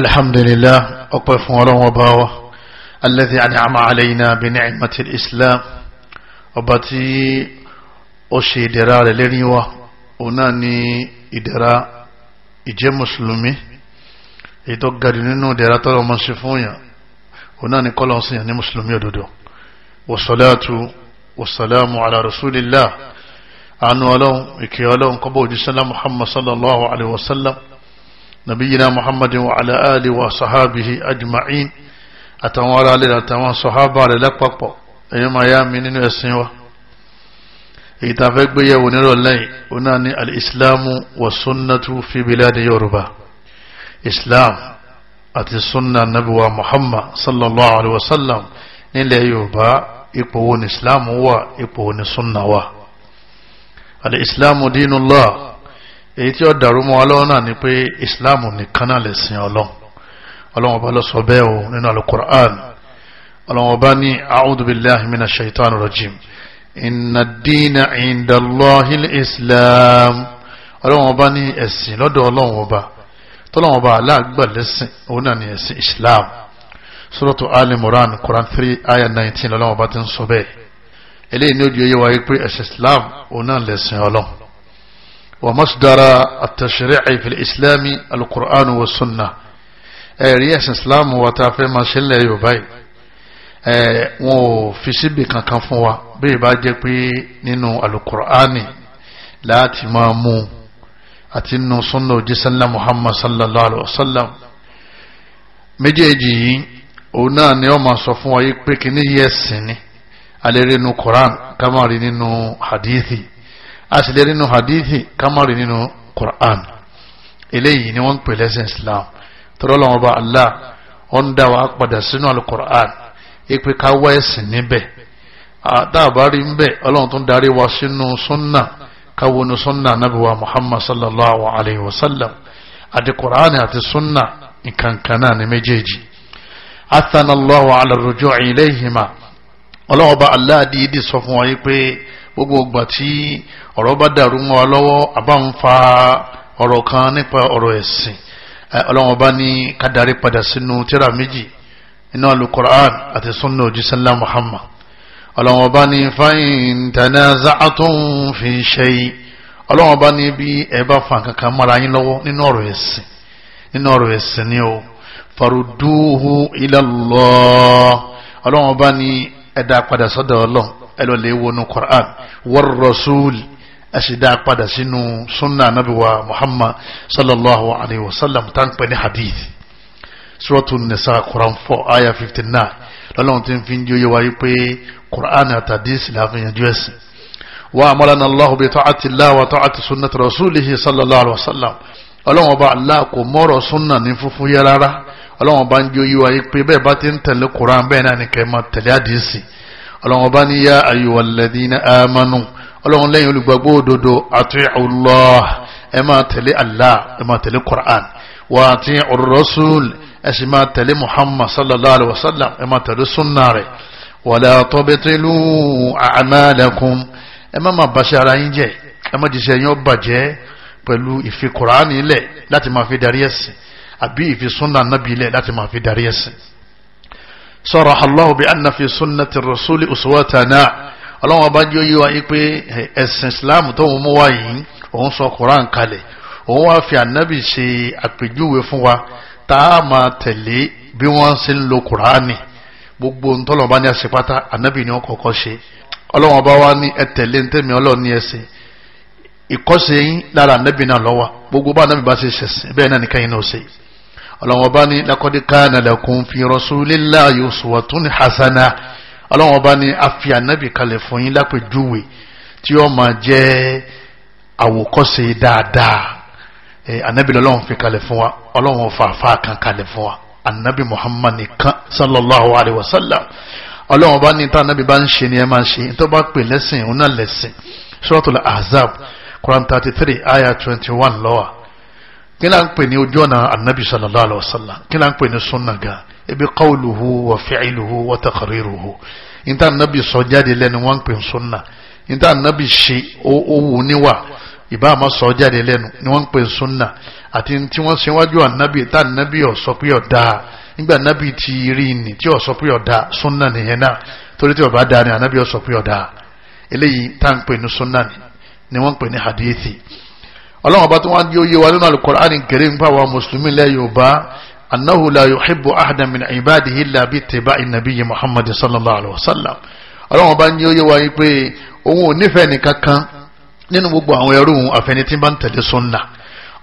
الحمد لله أقف ولو وباوة الذي أنعم علينا بنعمة الإسلام وباتي أشي درا للنيوة وناني إدرا إجي مسلمي إتو قدنينو درا تلو منصفونيا وناني قلنصيا نمسلمي دودو والصلاة والسلام على رسول الله أنو ألون إكي ألون قبو جسنا محمد صلى الله عليه وسلم نبينا محمد وعلى آله وصحابه أجمعين أتوارى لنا أتوارى صحابة للأقوى أيما يا من يسنوا ìtafẹ́gbé yẹ̀wò nírọ̀ lẹ́yìn ó náà ní al'islamu wa sunnatu fi biladi yorùbá islam àti sunna nabuwa muhammad sallallahu alaihi wasallam nílẹ̀ yorùbá ipò wo ni islam wà ipò wo ni sunna wà al'islamu dínúlọ́wọ́ èyí tí ó dàrú mọ́ ọlọ́run náà ni pé islam nìkan náà lè sin ọlọ́run ọlọ́run ọba lọ sọ bẹ́ẹ̀ o nínú alukur'an ọlọ́run ọba ní a'udhu billahi minash shaitan rajim inna dina inda allahil islam ọlọ́run ọba ní ẹ̀sìn lọ́dọ̀ ọlọ́run ọba tọ́lọ́run ọba aláàgbà lẹ́sìn òun náà ni ẹ̀sìn islam suratu ali moran quran three ayah nineteen ọlọ́run ọba ti ń sọ bẹ́ẹ̀ eléyìí ní ojú ẹyẹ wáyé pé ẹ̀sìn islam òun náà lẹ́sìn ọlọ́run ومصدر التشريع في الإسلام القرآن والسنة ẹ̀rí ẹ̀sìn islam wa ta fẹ́ máa ṣe ń lẹ̀ yorùbá yìí ẹ̀ wọn ò fi síbi kankan fún wa bí ìbá jẹ́ pé nínú alukur'ani láti máa mú àti nínú sunna òjísánlá muhammad sallallahu alayhi wa sallam méjèèjì yìí òun náà ni wọ́n máa sọ fún wa yìí pé kí ní yẹ ẹ̀sìn ni alẹ́ rí nínú quran ká máa rí nínú hadithi a sì lè rí nínú hadithi kamari nínú Qur'an eléyìí ni wọ́n ń pè lẹ́sìn Islam tọ́lọ́ lọ́wọ́ bá Allah ó ń dá wa padà sínú al-Qur'an ipe ká wá ẹ̀sìn níbẹ̀ àtàbárí ńbẹ̀ ọlọ́run tó ń darí wa sínú sunna káwọnù sunna nabi wa Muhammad sallallahu alayhi wa sallam àti Qur'an àti sunna nǹkankan náà ni méjèèjì athanallahu ala ruju'i ilayhima ọlọ́wọ́ bá Allah dìídì sọ fún wa yìí pé gbogbo ìgbà tí ọ̀rọ̀ bá dàrú mọ́ wa lọ́wọ́ àbá ń fa ọ̀rọ̀ kan nípa ọ̀rọ̀ ẹ̀sìn ọlọ́wọ́n bá ní kádàrí padà sínú tíra méjì iná alukur'an àti sunna òjísánlá muhammad ọlọ́wọ́n bá ní fa'in tanaza'tum fi shay'in ọlọ́wọ́n bá ní bí ẹ bá fa kankan mọ́ra yín lọ́wọ́ nínú ọ̀rọ̀ ẹ̀sìn nínú ọ̀rọ̀ ẹ̀sìn ni o faruduhu ila Allah ọlọ́wọ́n bá ní ẹ padà sọ́dọ̀ ọlọ́run ẹ lọ lè wọnú Qur'an war rasul ẹ sì dá padà sínú sunna anabiwa Muhammad sallallahu alayhi wa sallam tá n ní hadith suratu nisa Qur'an four aya fifty nine lọ́lọ́run ti fi ń jó yé wa yí pé Qur'an àtàdís làfihànjú ẹ̀sìn. وأمرنا الله بطاعة الله وطاعة سنة رسوله صلى الله عليه وسلم ọlọ́wọ́n bá aláàkó mọ́rọ̀ súnà ní fúnfún yẹ rárá ọlọ́wọ́n bá ń jó yíwa yí pé bẹ́ẹ̀ bá ti ń tẹ̀lé koran bẹ́ẹ̀ náà ni kẹ́ máa tẹ̀lé àdìsí ọlọ́run ọba ní yá ayyuhalladhina amanu ọlọ́run lẹ́yìn olùgbàgbọ́ òdodo ati'u Allah ẹ máa tẹ̀lé Allah ẹ máa tẹ̀lé Qur'an wa ati'u ar-rasul ẹ sì máa tẹ̀lé Muhammad sallallahu alayhi wa sallam ẹ máa tẹ̀lé sunna rẹ̀ wala tubtilu a'malakum ẹ má máa bàṣẹ ara yín jẹ́ ẹ má jìṣẹ́ yín ó bàjẹ́ pẹ̀lú ìfi Qur'an ilẹ̀ láti máa fi darí ẹ̀sìn àbí ìfi sunna nàbí ilẹ̀ láti máa fi darí ẹ̀sìn صرح الله بأن في سنة الرسول أسوتنا ọlọ́wọ́n bá jẹ́ yíwa yí pé ẹ̀sìn islam tó ń mú wá yìí òun sọ koran kalẹ̀ òun wá fi ànábì ṣe àpèjúwe fún wa tá a máa tẹ̀lé bí wọ́n ṣe ń lo korani gbogbo ntọ́lọ̀ bá ní ẹsẹ̀ pátá ànábì ni wọ́n kọ́kọ́ ṣe ọlọ́wọ́n bá wá ní ẹ tẹ̀lé ntẹ́mi ọlọ́ọ̀ ní ẹsẹ̀ ìkọ́sẹ̀ yín lára ànábì náà lọ́wọ́ gbogbo bá ànábì bá ṣe ṣẹ̀sìn bẹ́ẹ̀ náà nìkan yín náà ṣe yìí ọlọ́wọ́n bá ní lakọ́dí káànà lakum fi rasulillahi uswatun hasana ọlọ́wọ́n bá ní afi anabi kalẹ̀ fún yín lápẹ̀júwe tí ó máa jẹ́ àwòkọ́ṣe dáadáa ẹ anabi lọ́wọ́n fi kalẹ̀ fún wa ọlọ́wọ́n fàáfà kan kalẹ̀ fún wa anabi muhammad nìkan sallallahu alayhi wa sallam ọlọ́wọ́n bá ní tá anabi bá ń ṣe ni ẹ máa ṣe ní tó bá pè lẹ́sìn òun náà lẹ́sìn suratul ahzab quran thirty three ayah twenty one lọ́wọ́ kí la ń pè ní ojú ọ̀nà anabi sallallahu alayhi wa sallam kí la ń pè ní sunna gan ebi qawluhu wa fi'luhu wa taqriruhu níta anabi sọ jáde lẹ́nu wọ́n ń pè ní sunna níta anabi ṣe owó níwà ìbá àmọ́ sọ jáde lẹ́nu ni wọ́n ń pè ní sunna àti tí wọ́n ṣe wájú anabi tá anabi ò sọ pé ọ̀dà nígbà ti rí ni tí ò sọ pé ọ̀dà sunna nìyẹn náà torí tí ọba da ni anabi ò sọ pé ọ̀dà eléyìí tá à ń pè sunna ni wọ́n ń pè ní hadithi ọlọ́run ọba tí wọ́n yóò yé wa nínú alukur'ani karim nípa wa mùsùlùmí lẹ́ yorùbá annahu la yuhibbu ahadan min ibadihi illa bi tiba'i nabiyyi muhammad sallallahu alaihi wasallam ọlọ́run ọba yóò yé wa yìí pé òun ò nífẹ̀ẹ́ nìkan kan nínú gbogbo àwọn ẹrú òun àfẹnití bá ń tẹ̀lé sunna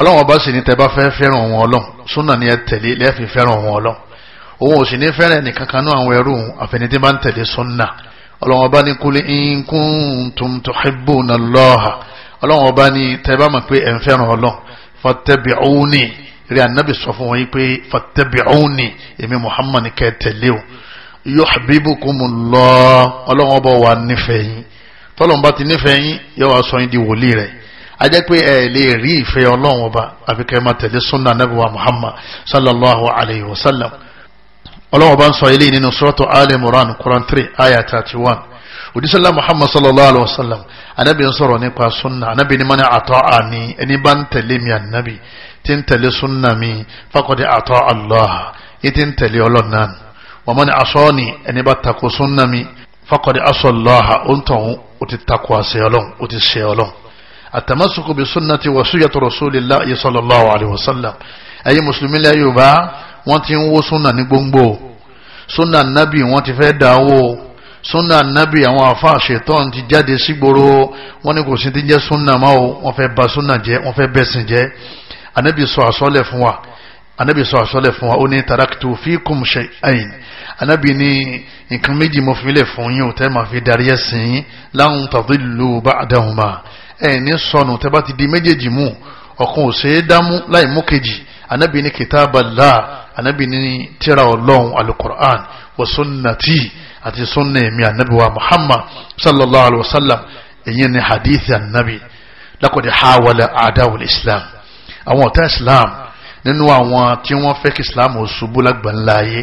ọlọ́run ọba sì ní tẹ́ bá fẹ́ fẹ́ràn òun ọlọ́run sunna ni ẹ tẹ̀lé lẹ́ẹ̀fì fẹ́ràn òun ọlọ́run òun ò sì ní fẹ́ràn ọlọ́run ọba ní tẹ́bá mọ̀ pé ẹ̀ ń fẹ́ràn ọlọ́run fattabi'uni rí ànábì sọ fún wọn yìí pé fattabi'uni èmi Muhammad kẹ́ tẹ̀lé o yuhibbukumullah ọlọ́run ọba wà nífẹ̀ẹ́ yín tọ́lọ́run bá ti nífẹ̀ẹ́ yín yóò wá sọ yín di wòlíì rẹ̀ a jẹ́ pé ẹ lè rí ìfẹ́ ọlọ́run ọba àfi kẹ́ máa tẹ̀lé sunna ànábì wa Muhammad sallallahu alayhi wa sallam ọlọ́run ọba ń sọ òdísọ́lá muhammad sallallahu alayhi wa sallam anabi ń sọ̀rọ̀ nípa sunna anabi ni mani àtọ́ àní ẹni bá ń tẹ̀lé mi anabi tí ń tẹ̀lé sunna mi fakọ́dé àtọ́ allah yìí tí ń tẹ̀lé ọlọ́nà wọ́n mani asọ́ tako sunna mi fakọ́dé asọ́ allah ó ń tako àṣẹ ọlọ́n ó ti ṣe ọlọ́n àtàmásùkù bí sunna ti wàsúyàtọ̀ sallallahu alayhi wa sallam ẹ̀yin mùsùlùmí lẹ́ yorùbá wọ́n ti ń wó sunna ní gbòǹgbò sunna nabi wọ́n ti fẹ́ dáwó sunna nabi àwọn afa ṣetán ti jáde sígboro wọn ni kò sí ti jẹ́ sunna máa o wọn fẹ́ ba sunna jẹ́ wọn fẹ́ bẹ̀sìn jẹ́ anabi sọ àsọlẹ̀ fún wa anabi sọ àsọlẹ̀ fún wa ó ní taraktu fikum shay'ain anabi ní nǹkan méjì mo fi lẹ̀ fún yín o tẹ́ máa fi darí ẹ̀sìn lan tadillu ba'dahuma ẹ̀ ní sọnù tẹ́ bá ti di méjèèjì mú ọ̀kan ò ṣeé dámú láì mú kejì anabi ní kitaballah anabi ní tírà ọlọ́run alukur'an wa sunnati àti sunna èmi ànábì wa muhammad sallallahu alayhi wa sallam èyí ni hadith ànábì lakodi hawala adawul islam àwọn ọ̀tá islam nínú àwọn tí wọ́n fẹ́ kí islam ó ṣubú lágbàláyé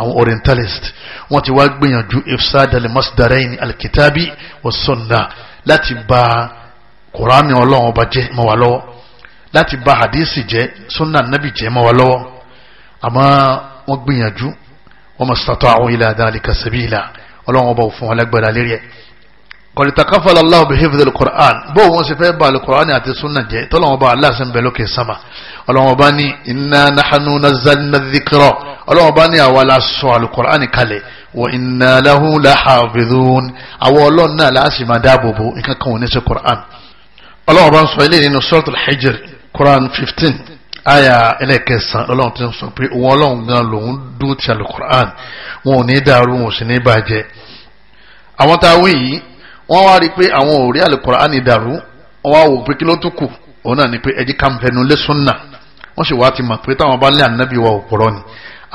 àwọn orientalist wọ́n ti wá gbìyànjú ifsad al-masdarain al-kitabi wa sunna láti ba kùránì ọlọ́run ọba jẹ́ mọ́ wa lọ́wọ́ láti ba hadisi jẹ́ sunna nabi jẹ́ mọ́ wa lọ́wọ́ àmọ́ wọ́n gbìyànjú wa mastata'u ila dhalika sabila ọlọ́run ọba òfin alágbára lérí ẹ̀ kọ̀lìtàkàfàlà aláwọ̀ bí hifdil qur'an bó wọ́n sì fẹ́ bá alukur'an àti sunna jẹ́ tọ́lọ́wọ́n bá aláṣẹ bẹ̀ lókè sama ọlọ́wọ́n bá ní inna nahanu nazzalna dhikra ọlọ́wọ́n bá ní àwa la sọ alukur'an kalẹ̀ wa inna lahu lahafidhun àwọ ọlọ́run náà láàṣì máa dáàbò bo nǹkan kan ò ní sí qur'an ọlọ́wọ́n bá ń sọ ilé nínú suratul hijr qur'an fifteen aya ẹlẹ́kẹsàn ọlọ́run ti ń sọ pé òun ọlọ́run gan lòun dúró ti alukur'an wọn ò ní dàrú wọn ò sì ní bàjẹ́ àwọn tá a wí yìí wọ́n wá rí i pé àwọn ò rí alukur'an dàrú wọ́n wá wò pé kí ló tún kù òun náà ni pé ẹjí ká fẹnu lé súnà wọ́n sì wá ti mọ̀ pé táwọn bá lé ànábì wa òpùrọ̀ ni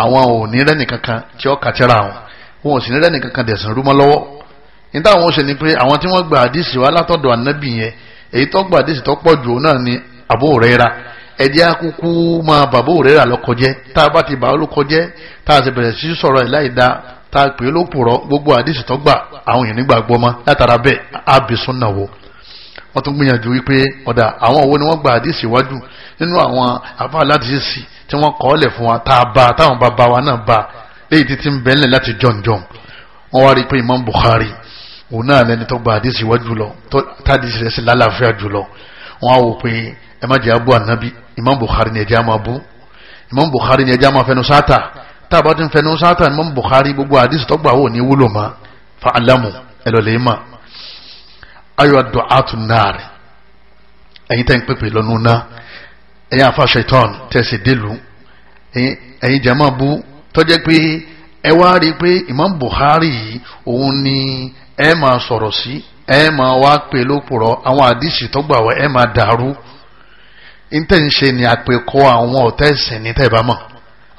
àwọn ò ní rẹ́nì kankan tí ó kàtẹ́ra àwọn wọn ò sì ní rẹ́nì kankan dẹ̀sán rúmọ́ lọ́wọ́ ní àwọn tí Abu Huraira ẹ̀jẹ̀ akúkú máa bàbá òrèrà lọ́kọjẹ́ tá a bá ti bàá lọ́kọjẹ́ tá a sì bẹ̀rẹ̀ sí sọ̀rọ̀ ẹ̀ láì dáa tá a pè é lópùrọ̀ gbogbo àdìsí tó gbà àwọn èèyàn nígbà gbọ́ mọ́ látara bẹ́ẹ̀ àbẹ̀sùn náà wò wọ́n tún gbìyànjú wípé ọ̀dà àwọn owó ni wọ́n gba àdìsí iwájú nínú àwọn àbá láti sísì tí wọ́n kọ́ ọ́lẹ̀ fún wa tá a bá táwọn bàbá wa náà bá léyìí títí ń bẹ́ẹ̀lẹ̀ láti jọ̀njọ̀n wọ́n wá rí i pé Imam Bukhari òun náà lẹni tó gba àdìsí iwájú lọ tádìsí rẹ̀ sí lálàáfíà jùlọ wọ́n á wò pé ẹ má jẹ́ abú ànábì imam bukhari ni ẹja máa bú imam bukhari ni ẹja máa fẹnu sáta tá a bá ti ń fẹnu sáta imam bukhari gbogbo àdìsí tọgbà wò ní wúlò ma fa alamu ẹlọlẹ ma ayọ adọ atun naari ẹyin tẹ́ ń pèpè lọ́nu ná ẹyin afa ṣetán tẹ̀sí délùú ẹ̀yin jama bu tọ́jẹ́ pé ẹ wá rí i pé Imam Bukhari yìí ni ẹ máa sọ̀rọ̀ sí ẹ máa wá pè lópùrọ̀ àwọn àdìsí tó gbà wá ẹ máa dàrú ntẹ̀ ń ṣe ni àpèkọ àwọn ọ̀tá ẹ̀sìn ní tẹ̀ bá mọ̀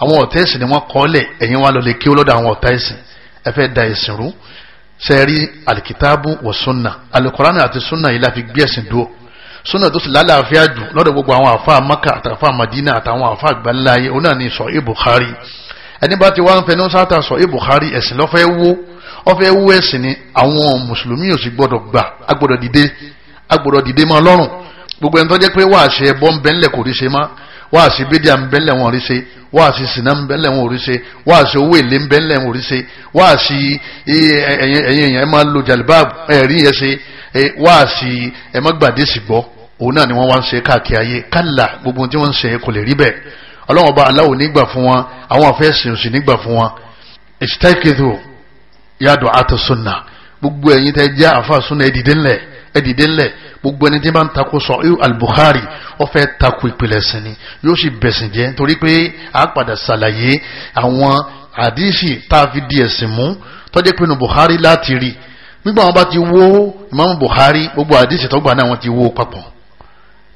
àwọn ọ̀tá ẹ̀sìn ni wọ́n kọ́ lẹ̀ ẹ̀yin wa lọ lè kí ó àwọn ọ̀tá ẹ fẹ́ da ẹ̀sìn rú ṣe alikitaabu wa sunna alukurani àti sunna yìí la fi gbé ẹ̀sìn dúró sunna tó sì lálàáfíà jù lọ́dọ̀ gbogbo àwọn àfa maka àtàfà madina àtàwọn àfa àgbáńlá ayé onáà sọ é bukhari ẹni bá ti wá ń fẹnu sáta sọ é bukhari ẹ̀sìn lọ́fẹ́ wó ọfẹ́ wó ẹ̀sìn ni àwọn mùsùlùmí ò sì gbọ́dọ̀ gbà agbọ́dọ̀ dìde agbọ́dọ̀ dìde mọ́ ọlọ́run gbogbo ẹni tó jẹ́ pé wáàsí ẹbọ ń bẹ́ńlẹ̀ kò rí ṣe má wáàsí bídíà ń bẹ́ńlẹ̀ wọn rí ṣe wáàsí sinna ń bẹ́ńlẹ̀ wọn rí ṣe wáàsí owó èlé ń bẹ́ńlẹ̀ wọn rí ṣe wáàsí ẹ̀yin èèyàn ẹ máa lo jalibab ẹ̀rí yẹn ṣe wáàsí ẹ má gbàdé sì gbọ́ òun náà ni wọ́n wá ń ṣe káàkiri ayé kálà gbogbo tí wọ́n ń ṣe kò lè rí bẹ́ẹ̀ ọlọ́wọ́n bá aláwo nígbà fún wọn àwọn afẹ́sìn òsì nígbà fún gbogbo ẹni tí bá ń takò sọ al-Bukhari ó fẹ́ takò ìpìlẹ̀ ẹ̀sìn ni yóò sì bẹ̀sìn jẹ́ torí pé a padà ṣàlàyé àwọn àdìsí tá a fi di ẹ̀sìn mú tọ́jú pinnu Bukhari láti rí nígbà wọn bá ti wó Imam Bukhari gbogbo àdìsí tọ́gbà náà wọ́n ti wó papọ̀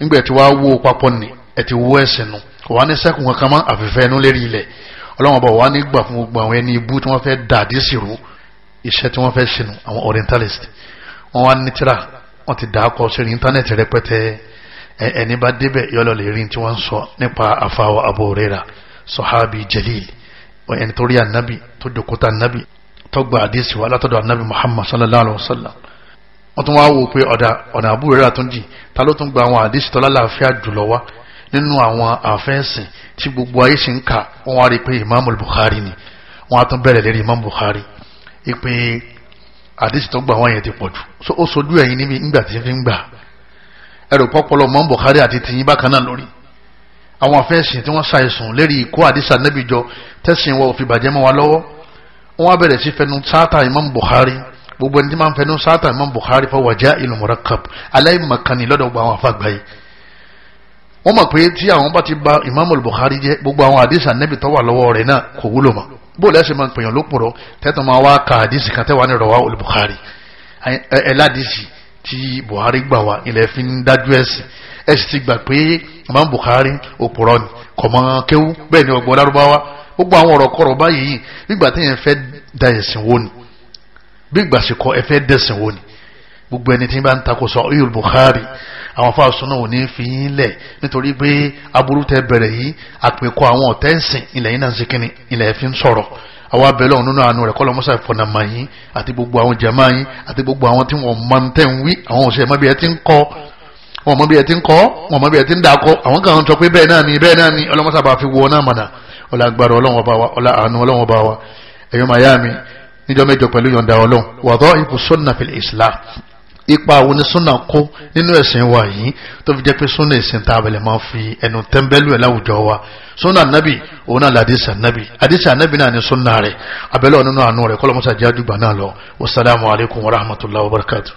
nígbà tí wàá wó papọ̀ ni ẹ̀ ti wó ẹ̀sìn nu kò wá ní sẹ́kùn kankan mọ́ àfẹ́fẹ́ inú lérí ilẹ̀ ọlọ́wọ́n bọ̀ wá nígbà fún gbogbo àwọn ẹni ibú orientalist wọ́n wá wọ́n ti dàákọ sórí íńtánẹ́ẹ̀tì rẹpẹtẹ ẹni bá débẹ̀ yọlọ lè rí tí wọ́n ń sọ nípa àfàwọ̀ Abu Hurairah sọ̀hábì jalil ẹni tó rí ànábì tó jòkóta ànábì tó gba àdísì wa látọ̀dọ̀ ànábì Muhammad sallallahu alayhi wa sallam wọ́n tún wá wò pé ọ̀dà ọ̀nà Abu Hurairah tún jì ta ló tún gba àwọn àdísì tó lálàáfíà jùlọ wá nínú àwọn àfẹ́sìn tí gbogbo ayé sì ń kà wọ́n wá rí pé Imam Bukhari ni wọ́n á tún bẹ̀rẹ̀ lérí Imam Bukhari ipe àdìsí tó gbà wọ́n yẹn ti pọ̀ jù ó sojú ẹ̀yin níbi ńgbà tí fi ń gbà ẹ̀rọ pọ́pọ́lọ́ mọ́ Bukhari àti tìyín bákan náà lórí àwọn afẹ́sìn tí wọ́n ṣàìsùn lérí ìkó àdìsá nẹ́bí jọ tẹ̀sìn wọ òfin bàjẹ́ mọ́ wa lọ́wọ́ wọ́n á bẹ̀rẹ̀ sí fẹnu sáátà Imam Bukhari gbogbo ẹni tí máa ń fẹnu sáátà Imam Bukhari fọ wàjá ìlú murakkab aláìmọ̀kànnì lọ́dọ̀ gbogbo àwọn afágbá yìí wọ́n mọ̀ pé tí Bukhari jẹ́ gbogbo àwọn àdìsá nẹ́bí tó wà lọ́wọ́ rẹ̀ bó lẹ́sìn máa ń pèyàn ló pòrọ̀ tẹ́tàn máa wá ka àdìsí kan tẹ́wàá ní rọ̀wá olùbùkárì ẹ̀ládìsí tí Buhari gbà wá ilẹ̀ fi ń dájú ẹ̀sìn ẹ ti gbà pé Imam Buhari òpòrọ̀ ni kọ̀mọ́ kéwú bẹ́ẹ̀ ni ọgbọ́n lárúbáwá gbogbo àwọn ọ̀rọ̀ kọ̀rọ̀ báyìí nígbà téèyàn fẹ́ da ẹ̀sìn wò ni bí ìgbà sì kọ́ ẹ fẹ́ dẹ̀sìn wò ni gbogbo ẹni tí bá ń takò sọ ọyọ Bukhari àwọn fáwọn náà ò ní fi yín lẹ nítorí pé aburú tẹ bẹ̀rẹ̀ yìí àpèkọ àwọn ọtẹǹsìn ilẹ̀ yìí náà ń sikini ilẹ̀ fi ń sọ̀rọ̀ àwọn abẹ́lẹ̀ ọ̀hún nínú àánú rẹ̀ kọ́lọ́ mọ́sá ìfọ̀nàmà yín àti gbogbo àwọn jàmá yín àti gbogbo àwọn tí wọ́n máa ń ń wí àwọn òṣèré mọ́bí ẹ ti ń kọ́ wọn mọ́bí ẹ ti ń kọ́ wọn mọ́bí ẹ ti ń dàkọ́ àwọn kan ń sọ pé bẹ́ẹ̀ náà ni bẹ́ẹ̀ náà ni ọlọ́mọ́sá bá fi wọ náà mọ̀nà ọlá agbára ọlọ́wọ́n bá wa ọlá àánú ọlọ́wọ́n bá wa ẹ̀yọ́ màyá mi níjọ́ mẹ́jọ pẹ̀lú yọ̀ǹda ọlọ́run wàdọ́ ibùsùn nàfẹ̀lẹ̀ islam ipa àwọn onísúnà kó nínú ẹ̀sìn wa yìí tó fi jẹ́ pé súnà ìsìn tá a bẹ̀lẹ̀ máa fi ẹnu tẹ́ḿbẹ́lú ẹ̀ láwùjọ wa súnà nábì òun náà làdísì ànábì àdísì ànábì náà ni súnà rẹ̀ abẹ́lẹ́ ọ̀nínú àánú rẹ̀ kọ́lọ́mọ́sá jẹ́ àdúgbà náà lọ wasalaamu wa rahmatulahi wa barakatuh.